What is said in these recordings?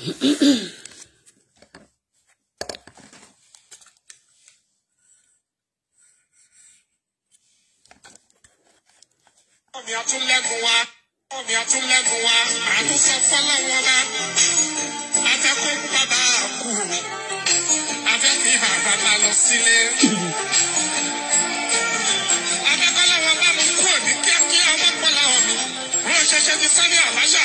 ọmọ atún lẹ́nu wa ọmọ atún lẹ́nu wa àtúnṣe fọlọ́wọ́n bá afẹ́kọ́ bàbá kú afẹ́kọ́ bàbá máa lọ sílé. afẹ́kọ́ làwọn bá mi kú òní kíákíá ọmọ pọ̀ làwọn mi ránṣẹ́ṣẹ́ ti sáré àbáṣà.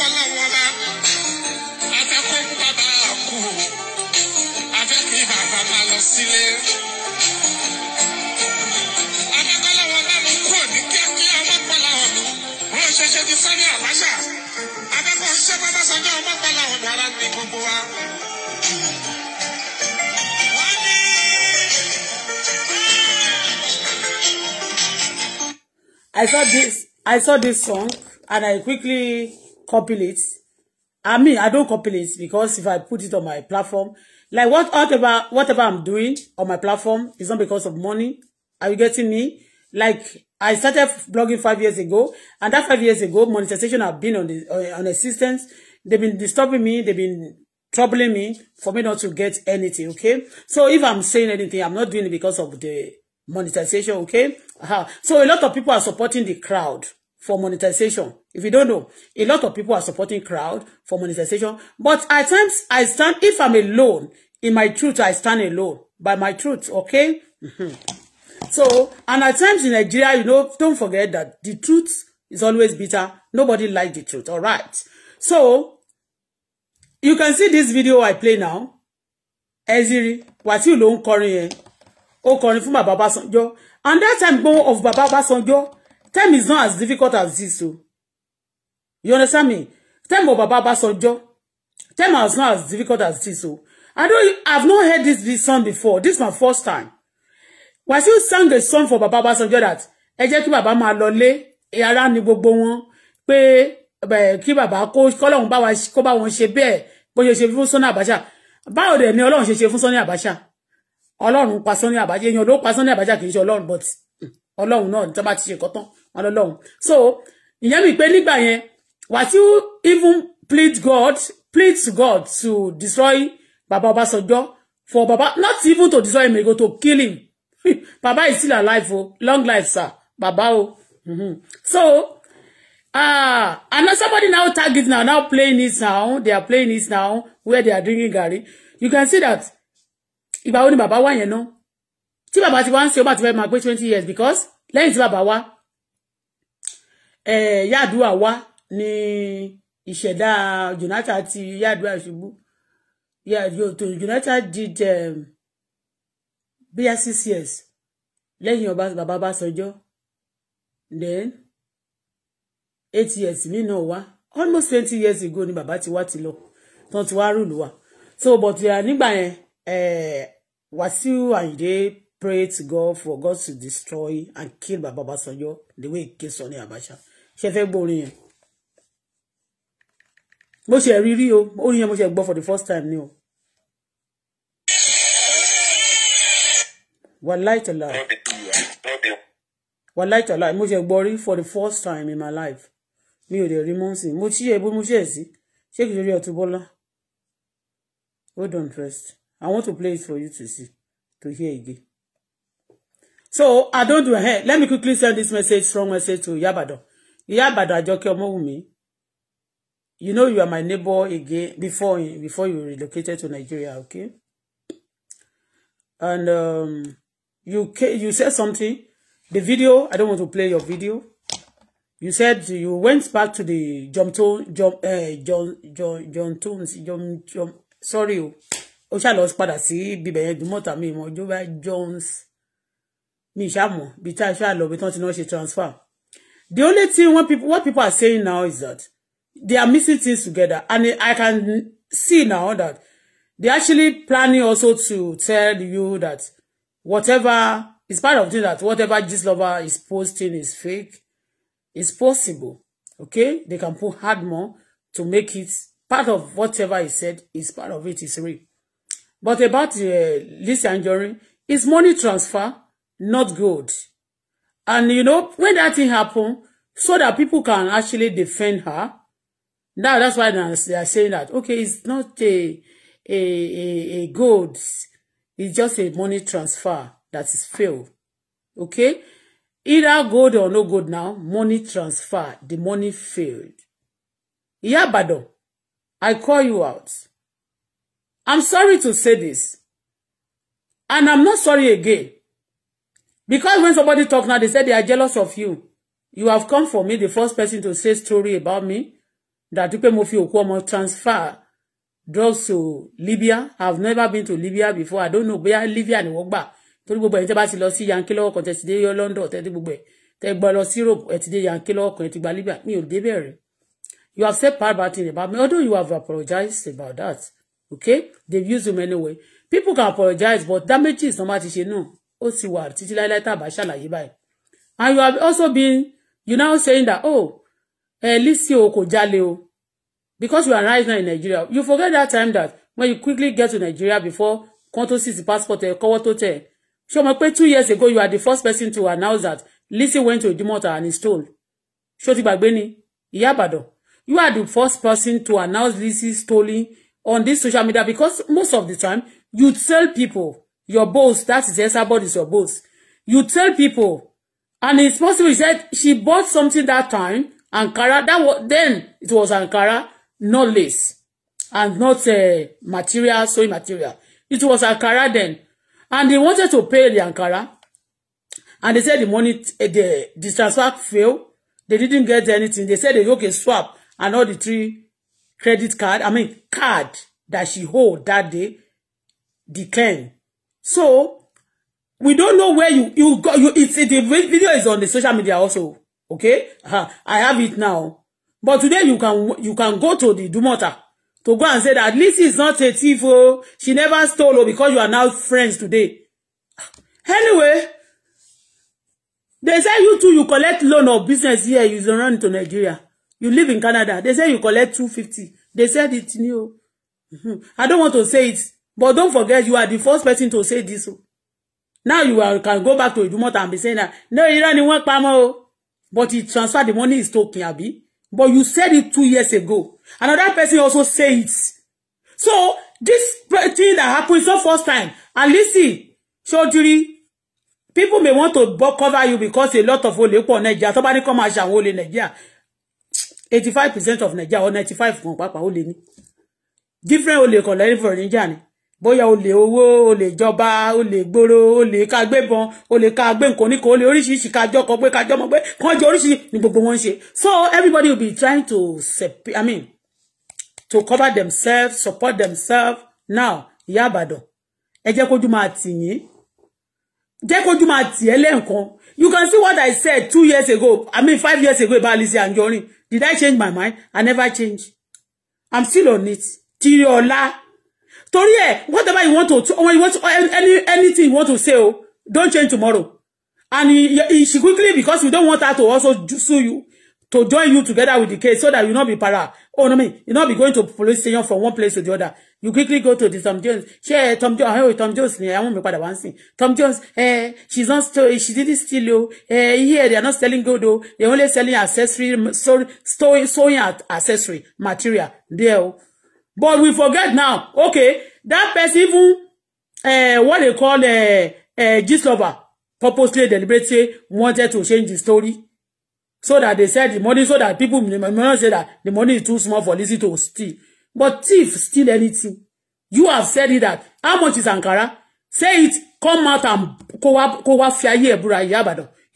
I saw this I saw this song and I quickly copied it. I mean, I don't copy it because if I put it on my platform, like what whatever whatever I'm doing on my platform is not because of money. Are you getting me? Like I started blogging five years ago, and that five years ago, monetization have been on the uh, on assistance. They've been disturbing me. They've been troubling me for me not to get anything. Okay, so if I'm saying anything, I'm not doing it because of the monetization okay uh-huh. so a lot of people are supporting the crowd for monetization if you don't know a lot of people are supporting crowd for monetization but at times I stand if I'm alone in my truth I stand alone by my truth okay mm-hmm. so and at times in Nigeria you know don't forget that the truth is always bitter nobody likes the truth all right so you can see this video I play now Eziri what you ń kọrin ó kọrin fún bàbá Ọbásanjọ́ and that time gbọ́n of bàbá Ọbásanjọ́ time is not as difficult as this o you understand me time of bàbá Ọbásanjọ́ time is not as difficult as this o I don't I've not heard this, this song before this is my first time you sang a song for bàbá Ọbásanjọ́ that ẹ jẹ́ kí bàbá máa lọ lé ara ni gbogbo wọn pé kí bàbá kó kọ́lọ́hún bá wọn ṣe bẹ́ẹ̀ bó ṣe ṣe fún Sọ́nà Abacha báwo dẹ̀ ni Ọlọ́run ṣe ṣe fún Sọ́nà Abacha ọlọ́run pa Sunny Abacha èèyàn ló pa Sunny Abacha kì í ṣe ọlọ́run but ọlọ́run náà tó bá ti ṣe kọ́tán wọn lọ́lọ́run so ìyẹn mi pé nígbà yẹn Wasiu even plead God plead God to destroy baba Ọbásanjọ́ for baba not even to destroy him go to kill him baba is still alive o oh, long life sir baba o oh. mm -hmm. so ah uh, and somebody now target now now playing it now they are playing it now where they are drinking garri you can see that ìgbà wo ni bàbá wà yẹn náà tí bàbá ti wá ń ṣe ó ti fẹ́ máa gbé twenty years because lẹ́yìn tí bàbá wá eh, yàdúrà wá ní ìṣẹ̀dá Jonathan ti yàdúrà ṣubú yàtò Jonathan did um, bí i six years lẹ́yìn ọba bàbá bá sọjọ́ then eight years mi náà wá almost twenty years ago ni bàbá ti wá ti lọ tán ti wá rúlù wá so but nígbà yẹn uh, Wasiu Ayinde prayed to God for God to destroy and kill Baba Obasanjo the way he killed Sani Abacha. She fẹ́ gbọ́ orin yẹn? Mo ṣe rí rí o, orin for the first time ni o. light? tọ́lá. Wàláì tọ́lá, light? ṣe gbọ́ rí for the first time in my life. Me, ò dẹ̀ rí mọ́sìn. Mo ṣí ẹ̀ bó mo ṣe ẹ̀ sí. Ṣé Bola? Hold on first. I want to play it for you to see, to hear again. So I don't do hair. Let me quickly send this message, strong message to Yabado. Yabado I Ajoke me. You know you are my neighbor again before before you relocated to Nigeria, okay? And um, you you said something. The video, I don't want to play your video. You said you went back to the jump Tone, jump, uh, eh, John, John, John Tunes, jump, jump. sorry, oh ó ṣáà lọ padà sí bíbẹ̀ yẹn dùmọ̀tà mi ìmọ̀ jọba Jones mi ìṣàmọ̀ bí tá a ṣáà lọ bí tán ti náà ṣe transfer the only thing what people what people are saying now is that they are mixing things together and I can see now that they actually planning also to tell you that whatever is part of thing that whatever this lover is posting is fake it's possible okay they can put hard more to make it part of whatever he said is part of it is real But about uh, and Anjorin, it's money transfer, not good. And you know, when that thing happened, so that people can actually defend her, now that's why they are saying that, okay, it's not a, a, a, a gold, it's just a money transfer that is failed. Okay? Either gold or no gold now, money transfer, the money failed. Yeah, bado. I call you out. I'm sorry to say this. And I'm not sorry again. Because when somebody talk now, they say they are jealous of you. You have come for me, the first person to say story about me. That Dupe Mofi Okuomo transfer drugs to Libya. I've never been to Libya before. I don't know where Libya and wọ́n back. Torí gbogbo ẹ̀yin tẹ́ bá ti lọ sí Yankee lọ́wọ́ kan tẹ́ ti dé London tẹ́ ti gbogbo ẹ̀. Tẹ́ gbọ́ lọ sí Europe ẹ̀ ti dé Yankee lọ́wọ́ kan ti gba Libya. Mi ò débẹ̀ rẹ̀. You have said bad bad thing about me. Although you have apologized about that okay they've used him anyway people can apologize but damage is má ti ṣe náà ó sì wà títí láíláí tàbá ṣàlàyé báyìí and you have also been you now saying that oh eh, Lizzy o kò o because you are right now in Nigeria you forget that time that when you quickly get to Nigeria before Konto tó sì passport ẹ kọ́wọ́ tó tẹ̀ ṣé o mọ̀ two years ago you are the first person to announce that Lizzy went to Idumota and he stole ṣé o ti gbàgbé ni ìyá you are the first person to announce Lizzy stealing on this social media because most of the time you tell people your boss that is yes, Esabod is your boss you tell people and it's possible she said she bought something that time Ankara that was then it was Ankara not lace and not uh, material sewing material it was Ankara then and they wanted to pay the Ankara and they said the money eh, the the transfer failed they didn't get anything they said they okay swap and all the three credit card, I mean card that she hold that day declined. So we don't know where you you go. You it's the video is on the social media also. Okay, uh, I have it now. But today you can you can go to the Dumota to go and say that at least it's not a thief. Oh, she never stole oh, because you are now friends today. Anyway, they say you too you collect loan or business here you run to Nigeria. You live in Canada. They say you collect 250. They said it new. I don't want to say it, but don't forget you are the first person to say this. Now you are, can go back to Idumota and be saying that, no, you don't want Pamo. But he transferred the money is talking, Abi. But you said it two years ago. Another person also said it. So, this thing that happened is not first time. And listen, Shodiri, people may want to cover you because a lot of olè pọ̀ Nàìjíríà. Tó bá ní kó máa ṣe àwọn eighty five percent of Nigeria or ninety five kan pàápàá ó lè ní different olè kan lẹ́yìn fún Nigeria ni bóyá olè owó olè ìjọba olè gbòòrò olè ká gbébọn olè ká gbé nǹkan oníkan olè oríṣiríṣi kájọ kan pé kájọ mọ pé kàn jọ oríṣiríṣi ni gbogbo wọn ń so everybody will be trying to i mean to cover themselves support themselves now ìyá àbàdàn ẹ jẹ́ kójú máa tì yín jẹ́ kójú máa tì You can see what I said two years ago. I mean, five years ago about Lizzie and Anjorin. Did I change my mind? I never changed. I'm still on it. Till ọ̀la. Torí whatever you want to, or you want to, any, anything you want to say, oh, don't change tomorrow. And she quickly, because we don't want her to also sue you, to join you together with the case so that you not be para. Oh, no, me, mean, you not be going to police station from one place to the other you quickly go to the Tom Jones ṣé eh, Tom Jones ọ̀hún Tom Jones I àwọn mi padà wá one thing. Tom Jones eh, she's not story eh, she didn't steal you. eh, here they are not selling gold o they only selling accessory so, sewing, sewing accessory material there o but we forget now okay that person even eh, what they call eh, eh, gist lover purposely deliberately wanted to change the story so that they said the money so that people may not say that the money is too small for Lizzy to steal But thief steal anything. You have said it that. How much is Ankara? Say it, come out and ko wa ko wa fi ayé ẹ̀bùrà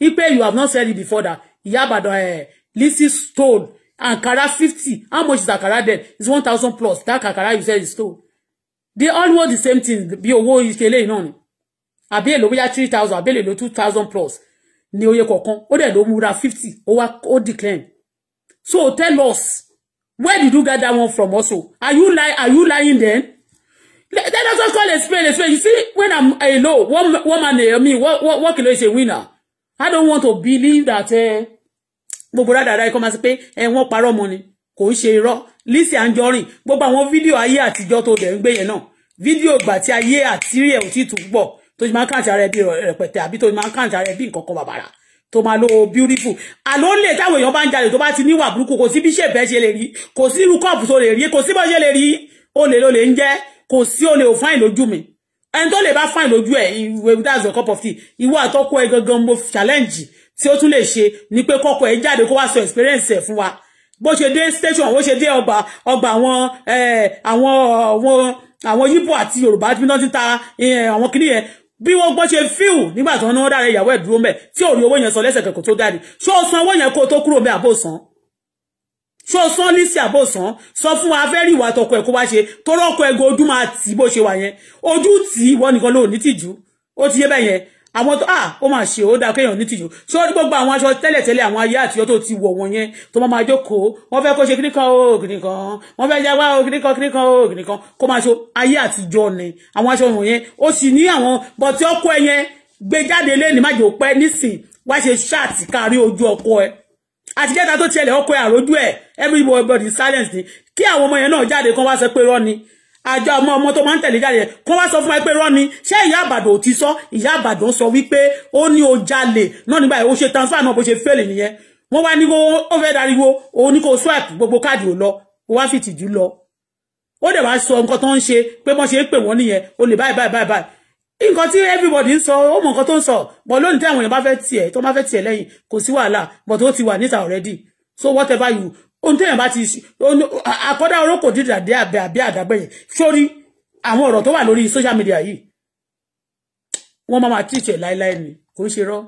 Ìyá you have not said it before that. yabado eh. This is stole Ankara 50. How much is Ankara then? It's 1,000 plus. That Ankara you said is stole. They all want the same thing. Bí owó ìṣẹ̀lẹ̀ iná ni. Àbí èlò bóyá 3,000, àbí èlò 2,000 plus. Ní oye kọ̀ọ̀kan. Ó dẹ̀ ló múra 50. o wá ó decline. So tell us. Where did you get that one from also? Are you lie? Are you lying then? Let, let us just call a spade a spade. You see, when I'm alone, eh, one woman, I eh, Me, what, what, what kilo is a winner? I don't want to believe that eh, gbogbo dáadáa ikọ́ máa ṣe pé ẹ eh, wọ́n parọ́ mọ́ ni share raw. Listen and Lizzy Anjorin gbogbo video fídíò at àtijọ́ tó dẹ̀ ń gbé yẹn náà fídíò ìgbà tí ayé àtírí ẹ̀ ò tí tù gbọ̀ tó be. máa ń kàǹtì ara ẹ bí rẹpẹtẹ àbí tó tó máa lo beautiful àló lè táwọn èèyàn bá ń jalè tó bá ti níwà burúkú kò sí bí ṣèbẹ ṣe lè rí kò sí irú kọ́ọ̀pù tó lè rí kò sí bó ṣe lè rí olè ló lè ń jẹ́ kò sí olè ò fáìn lójú mi ẹni tó lè bá fáìn lójú ẹ ìwé that's cup of tea ìwọ àtọkọ ẹ gangan mo challenge tí ó tún lè ṣe ni pé kọkọ ẹ jáde kó wá sọ experience ẹ fún wa bó ṣe dé station bó ṣe dé ọgbà ọgbà àwọn eh, àwọn àwọn àwọn yíbò àti yorùbá tí wọn ti ta eh, àwọn kìnìyẹn bí wọ́n gbọ́ ṣe fíù nígbà tí wọ́n ní wọ́n dára ìyàwó ẹ̀ dúró mẹ́ tí ò rí owó yẹn san lẹ́sẹ̀ kẹ̀kọ́ tó dáre ṣé o san owó yẹn kó o tó kúrò mẹ́ àbò san ṣé o san lísì àbò san sọ fún wa fẹ́ rí ìwà àtọkọ ẹ̀ kó wá ṣe tó rọ́kọ ẹ̀gọ́ ojú máa tì bó ṣe wà yẹn ojú tì wọ́n nìkan ló ní tìjú ó ti yé bẹ́ẹ̀ yẹn àwọn tó ah ó máa ṣe ó dáa kéèyàn nítìjú ṣé ó ní gbogbo àwọn aṣọ tẹ́lẹ̀tẹ́lẹ̀ àwọn ayé àtijọ́ tó ti wọ̀ wọ̀nyẹn tó máa jókòó wọ́n fẹ́ kó ṣe kíní kan ó oh, kíní kan wọ́n fẹ́ jáwá ó oh, kíní kan kíní kan ó oh, kíní kan kó máa ṣe ayé àtijọ́ ni àwọn aṣọ wọ̀nyẹn ó sì ní àwọn bọ̀tí ọkọ ẹ yẹn gbé jáde lẹ́ni má jò pẹ́ nísìn wá ṣe ṣáàtì kárí ojú ọkọ ẹ àti kẹta tó tiẹ̀ lẹ́ ọkọ ẹ àrójú ẹ everybody silence ni kí àwọn ọmọ yẹn náà jáde kan wá sọ pé rọ́ ni àjọ àwọn ọmọ tó máa ń tẹ̀lé jáde kó wá sọ fún wa pé rọ́ni ṣé ìyá àbàdàn ò ti sọ ìyá àbàdàn sọ wípé ó ní o jalè náà nígbà yìí ó ṣe transfer náà bó ṣe fẹ́lè nìyẹn wọ́n wá ní kó ó fẹ́ dariwo òun ní kó swipe gbogbo káàdì ò lọ ó wá fìtì jù lọ ó dẹ̀ wá sọ nǹkan tó ń ṣe pé wọ́n ṣe é pè wọ́n nìyẹn o lè báyìí báyìí báyìí báyìí nǹkan tí everybody ń sọ ó mọ nǹkan tó ń sọ but lónìí tí àwọn èèyàn bá fẹ́ tiẹ̀ tó bá fẹ́ tiẹ̀ lẹ́yìn kò sí wàhálà but ó ti wà níta already so whatever you ohun téèyàn bá ti àkọ́dá orókò dídà dé àbẹ àbí àdàgbẹ̀yìn sórí àwọn ọ̀rọ̀ tó wà lórí social media yìí wọ́n máa tíìtẹ̀ láéláé ni kò ń ṣe rọ́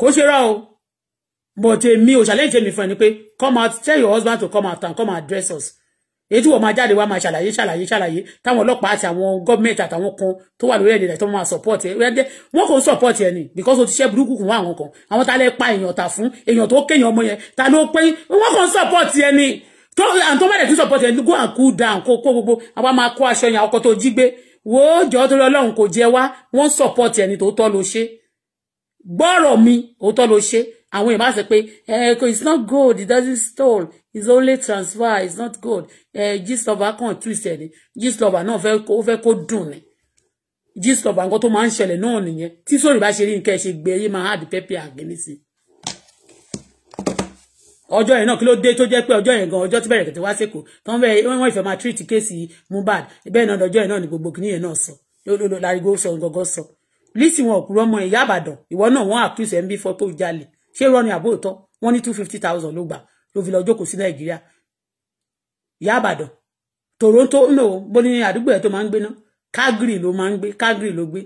kò ṣe rọ́ o but èmi ò ṣàlẹ́yìn tèmi fún ẹni pé come out tell your husband to come out and come and address us èyí tí wọ́n máa jáde wá máa ṣàlàyé ṣàlàyé ṣàlàyé táwọn ọlọ́pàá àti àwọn gọ́ọ̀mẹ̀ntì àtàwọn kan tó wà lórí ẹ̀dẹ̀ tó máa support ẹ̀ wọ́n kò ń support ẹ̀ ni because o ti ṣẹ́ burúkú kún àwọn kan àwọn ta lẹ́ pa èèyàn tà fún èèyàn tó kéèyàn ọmọ yẹn ta ló pé wọ́n kò ń support ẹ̀ ni tó and tó bá dẹ̀ tún support ẹ̀ go and cool down kó kó gbogbo àwa máa kó aṣọ yẹn ọkọ̀ tó jí gbé wo jọ tó lọ lọ́run kò jẹ wá wọ́n support ẹ̀ ni tòótọ́ ló ṣe gbọ́rọ̀ mi òótọ́ ló ṣe àwọn èèyàn máa sọ pé eh, it's not gold it doesn't stall it's only transfer it's not gold eh, gist lover kan twist ẹ̀ ni gist lover náà ó fẹ́ kó dùn ni gist lover nǹkan tó máa ń ṣẹlẹ̀ náà nìyẹn tí sórí bá ṣe rí nǹkan ẹ̀ ṣe gbé yé máa hard pepper àgbẹ̀ni sí i ọjọ́ yẹn náà kí ló dé tó jẹ́ pé ọjọ́ yẹn gan ọjọ́ tí bẹ̀rẹ̀ kẹ̀tẹ̀ wá sẹ́kọ̀ọ́ tó ń bẹ̀rẹ̀ wọ́n ìfẹ́ máa tírìtì kéèsì Mohbad bẹ́ẹ̀ náà ọjọ́ yẹn náà ni gbogbo kìnìún yẹn náà sọ lórí lárigbó sọ gọ́gọ́ sọ lísì wọn òkúrọ́ mọ ìyá àbàdàn ìwọ náà wọ́n àkúṣe ń bí fọ́tò jalè ṣé irọ́ ni àbó ìtọ́ wọ́n ní two fifty thousand ló gbà ló fi lọ jókòó sí nàìjíríà ìyá àbàdàn toronto no bó ní àdúgbò ẹ̀ tó máa ń gbé ná calgary ló máa ń gbé calgary ló gbé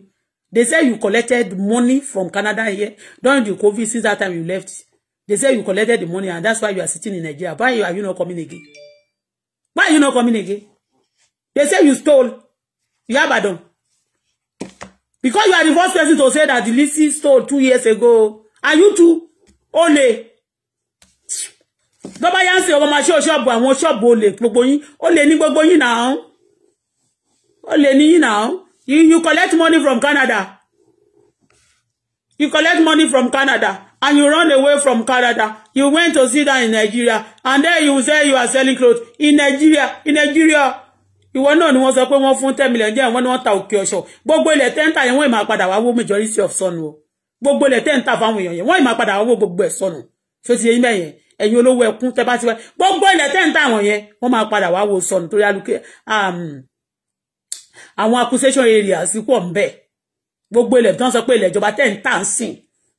they say you collected money from canada here during the covid since that time you left they say you collected the money and that's why you are sitting in nigeria why are you not coming again why are you not coming again they say you stole ìyá àbàdàn because you are the first person to say that the Lizzy stole two years ago Are you too olè bọ́bá yá ń sè ọmọ máa ṣe ṣọ́ọ̀bù àwọn ṣọ́ọ̀bù olè gbogbo yín olè ní gbogbo now. náà olè ní yín náà you you collect money from Canada you collect money from Canada and you run away from Canada you went to sit down in Nigeria and then you say you are selling clothes in Nigeria in Nigeria ìwọ náà ni wọ́n sọ pé wọ́n fún ten million jẹ́ ìwọ ni wọ́n ta òkè ọ̀ṣọ́ gbogbo ilẹ̀ tẹ́ńtà yẹn wọ́n ì máa padà wá wó majority of sọnù o gbogbo ilẹ̀ tẹ́ ń tà fáwọn èèyàn yẹn wọ́n ì máa padà owó gbogbo ẹ̀ sọnù tó ti yẹn mẹ́yẹn ẹ̀yin olówó ẹkún tẹ́ bá ti wá gbogbo ilẹ̀ tẹ́ ń tà wọ̀n yẹn wọ́n máa padà wá wo sọnù torí alùpùpù um, àwọn accusation areas pọ̀ ń bẹ̀ gbogbo ilẹ̀ tó ń sọ pé ilẹ̀ ìjọba tẹ́ ń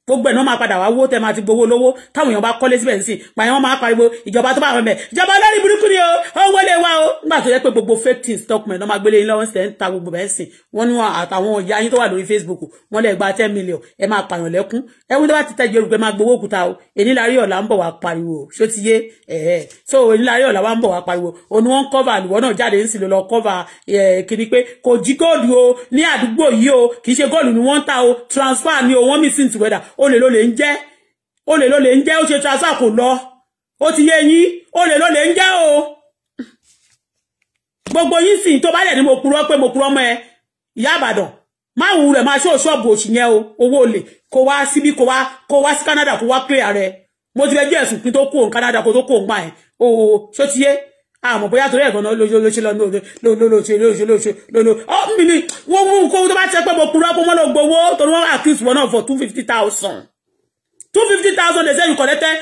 gbogbo ẹ̀ náà máa padà wá wó tẹ́ máa ti gbowó lówó táwọn èèyàn bá kọ́lé síbẹ̀ sí pààyàn wọn máa pariwo ìjọba tó bá wọn bẹ̀ ìjọba lórí burúkú ni o ó wọlé wa o nígbà tó yẹ pé gbogbo fake things document náà máa gbélé yín lọ́wọ́ sẹ̀ ń ta gbogbo bẹ́ẹ̀ sìn wọ́n ní àtàwọn ìyá yín tó wà lórí Facebook wọ́n lè gba ten million ẹ máa pààyàn lẹ́kún ẹ̀wọ́n tó bá ti tẹ́jú olùgbé máa gbowó òkúta o èní lárí ọ̀la ń bọ̀ wá pariwo ṣó ti yé ẹ̀ẹ́ so èní lárí ọ̀la wa ń bọ̀ wá pariwo òun wọ́n ń kọ́va àlùwọ́ náà jáde ń sì lọ kọ́va kiri pé kò jí góòlù o ní àdúgbò yìí o kì í ṣe góòlù ni wọ́n ń ta o transfer ni o wọ́n mí sí ìtìwẹ́dà olè ló lè ń jẹ́ olè ló lè ń jẹ́ ó ṣe transfer kò lọ ó ti yé yín olè ló lè ń jẹ́ o gbogbo yín sì tó bá lẹ̀ ní mo purọ́ pé mo purọ́ mọ́ ẹ ìyá àbàdàn má wù rẹ̀ máa ṣó ṣọ́ọ̀bù òṣì yẹn o owó olè kó wá síbí kó wá kó wá sí Canada kó wá clear rẹ mo ti fẹ́ jẹ́ ẹ̀sùn pín tó kó òun Canada kó tó kó òun gbà ẹ̀ o ṣó ti yé àmọ́ bóyá torí ẹ̀gbọ́n náà lóṣù lóṣù lọ́nà lóṣù lóṣù lóṣù lóṣù lóṣù ọ́ mi ni wọ́n mú nǹkan tó bá ti pẹ́ mo purọ́ pé wọ́n lọ gbowó torí wọ́n accuse wọn náà for two fifty thousand two fifty thousand they say you collected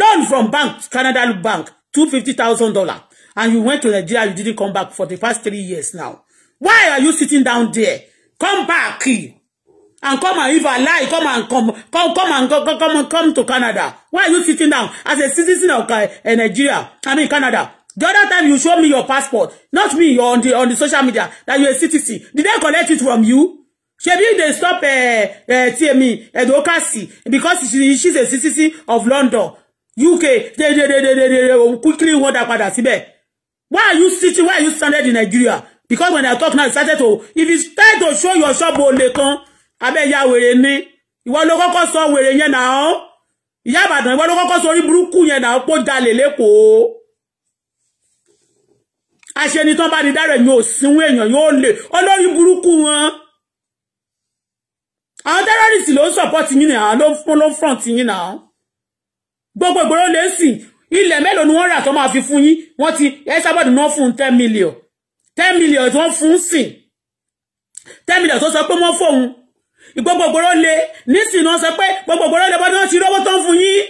loan from bank Canada bank two fifty thousand dollar, and you went to Nigeria you didn't come back for the past three years now why are you sitting down there come back and come and if I lie, come and come, come, come and go, come, and come to Canada. Why are you sitting down as a citizen of uh, Nigeria? I mean Canada. The other time you show me your passport, not me, you're on the on the social media that you're a CTC. Did they collect it from you? Shebi they stop uh, uh, TME advocacy because she, she's a CTC of London, UK. They they they they they, they quickly wonder padà síbẹ̀. Why are you sitting? Why are you standing in Nigeria? Because when I talk now, I started to if you start to show your shop only kan, abẹ́ ya wèrè ni. Ìwọ ló kọ́kọ́ sọ wèrè yẹn náà. Ìyá Ìbàdàn ìwọ ló kọ́kọ́ sọ orí burúkú yẹn náà pọ̀ jalè lẹ́kọ̀ọ́ aṣẹni tán bá ní dárẹ̀ ni òsínwó èèyàn yóò lè olórí burúkú wọn àwọn tẹ́rọ́rìsì ló ń sọ̀pọ́tì yín náà ló ń fọ̀ǹtì yín náà gbogbo ìgboro lè sìn ilẹ̀ mélòó ni wọ́n rà tó máa fi fún yín wọ́n ti ẹ́sàbọ̀dì náà fún ten million ten million tí wọ́n fún sìn ten million tó sọ pé wọ́n fóun gbogbo ìgboro lè nísìn náà sọ pé gbogbo ìgboro lè bọ́ ni wọ́n ti rówó tán fún yín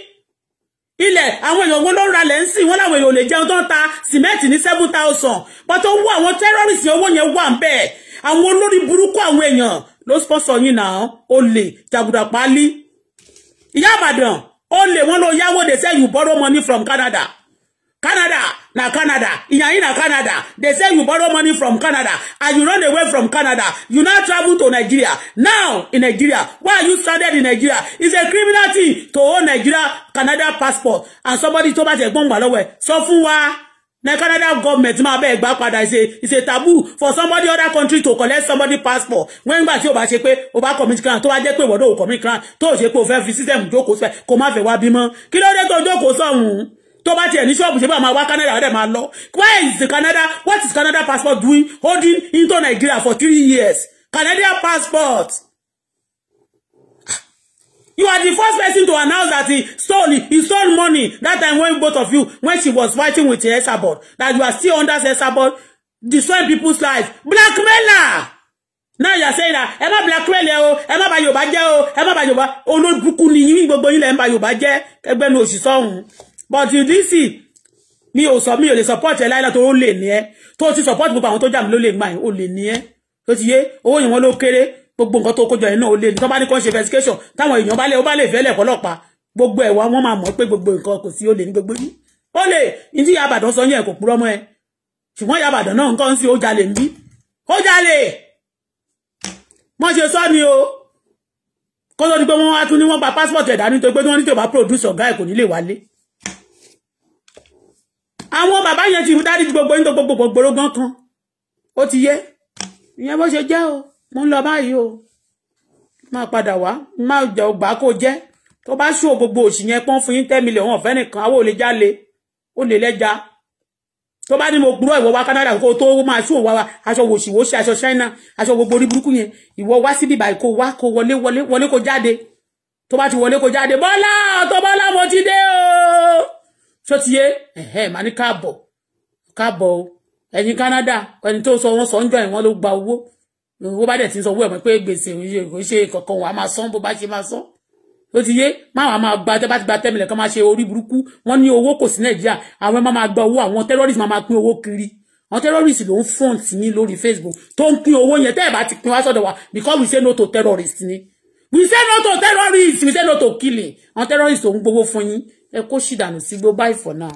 ilẹ̀ àwọn èèyàn wọn ló ń ralẹ̀ ń sìn wọ́n láwọn èèyàn ò lè jẹun tó ń ta sìmẹ́ǹtì ní seven thousand wọ́n tó ń wọ àwọn tẹ́rọ́rìsì owó yẹn wà ń bẹ̀ àwọn olórí burúkú àwọn èèyàn ló sponsor yín náà ó lè jàgùdà pálí ìyá àbàdàn ó lè wọ́n lọ yáwó they say you borrow money from Canada Canada na canada iyanyi na canada they say you borrow money from canada and you run away from canada you now travel to nigeria now in nigeria why are you stranded in nigeria it's a criminal thing to own nigeria canada passport and somebody told me ti go gbà lọ́wọ́ ẹ̀ sọ fún na canada government máa beg gbà padà say it's a taboo for somebody other country to collect somebody passport When gbà tí o bá ṣe pé o bá commit crime tó bá jẹ́ pé ìwọ́dọ̀ ò commit crime tó o ṣe pé o fẹ́ fi system jókòó fẹ́ kó má fẹ́ wá bímọ kí ló dé tó jókòó sọ̀hún tó bá tiẹ̀ ní ṣọ́ọ̀bù ṣe bá máa wá Canada ọ̀dẹ̀ máa lọ where is the Canada what is Canada passport doing holding into Nigeria for three years Canadian passport you are the first person to announce that he stole he stole money that time when both of you when she was fighting with Esabod that you are still under Esabod destroying people's lives blackmailer Now you are saying that má blackmail ẹ o ẹ má bà Yorùbá jẹ́ o ẹ má bà Yorùbá olódùkú ni yín gbogbo yín lẹ́ ń bà Yorùbá jẹ́ ẹgbẹ́ nu but you didn't see mi ò sọ mi ò lè support ẹ láìláì tó ó lè ní ẹ tó ti support gbogbo àwọn tó jà mí ló lè gbà yín ó lè ní ẹ tó ti yé owó yìí wọn ló kéré gbogbo nǹkan tó kójọ yìí náà ó lè ní tó bá ní kàn ṣe investigation táwọn èèyàn bá lè ó bá lè fẹ́lẹ̀ kọ́lọ́pàá gbogbo ẹ̀wà wọn máa mọ̀ pé gbogbo nǹkan kò sí ó lè ní gbogbo yìí ó lè ní tí yàbàdàn sọ yẹn kò purọ́ mọ́ ẹ ṣùgbọ́n yàbàdàn náà nǹkan sí ó jalè ń bí ó jalè wọ́n ṣe sọ ni o kó tó di pé wọ́n wá tún ní wọ́n pa passport ẹ̀dá nítorí pé wọ́n ní tí ò bá produce ọ̀gá ẹ̀ kò ní lè wálé àwọn bàbá yẹn ti dárí ju gbogbo nítorí gbogbo gbòrógán kan ó ti yẹ ìyẹn bó ṣe jẹ́ o mo ń lọ báyìí o máa padà wá máa jẹ ọgbà kó jẹ́ tó bá ṣó gbogbo òṣì yẹn pọ́n fún yín ten million wọn ọ̀fẹ́ nìkan àwọn olè jáde ó lè lẹ́ja tó bá ní mo gbúrọ̀ ìwọ wá Canada kó tó máa ṣó wa aṣọ wòṣìwòṣì aṣọ China aṣọ gbogbo orí burúkú yẹn ìwọ wá síbí báyìí kó wá kó wọlé wọlé wọlé kó jáde tó bá ti wọlé kó jáde bọ́lá ọ̀tọ̀ bọ́lá mo ti dé o ṣó ti yé ẹ̀hẹ́ màá ní o ẹ̀yin Canada ẹni tó sọ wọ́n sọ ń jọ ìwọ́n ló gba owó owó bá dẹ̀ ti ń sọ owó ẹ̀ mọ́ pé gbèsè kò ṣe kankan wàá máa san bó bá ṣe máa san ó ti yé máa wàá máa gba tẹ́ bá ti gba tẹ́mìlẹ̀ kan máa ṣe orí burúkú wọ́n ní owó kò sí Nàìjíríà àwọn máa máa gba owó àwọn terrorist máa máa pín owó kiri àwọn terrorist ló ń front ní lórí Facebook tó ń pín owó yẹn tẹ́ ẹ̀ bá ti pín wá sọ́dọ̀ wa because we say no to terrorist ni we say no to terrorists we say no to killing àwọn terrorists òun gbowó fún yín ẹ kó ṣìdànù sígbó báyìí for now.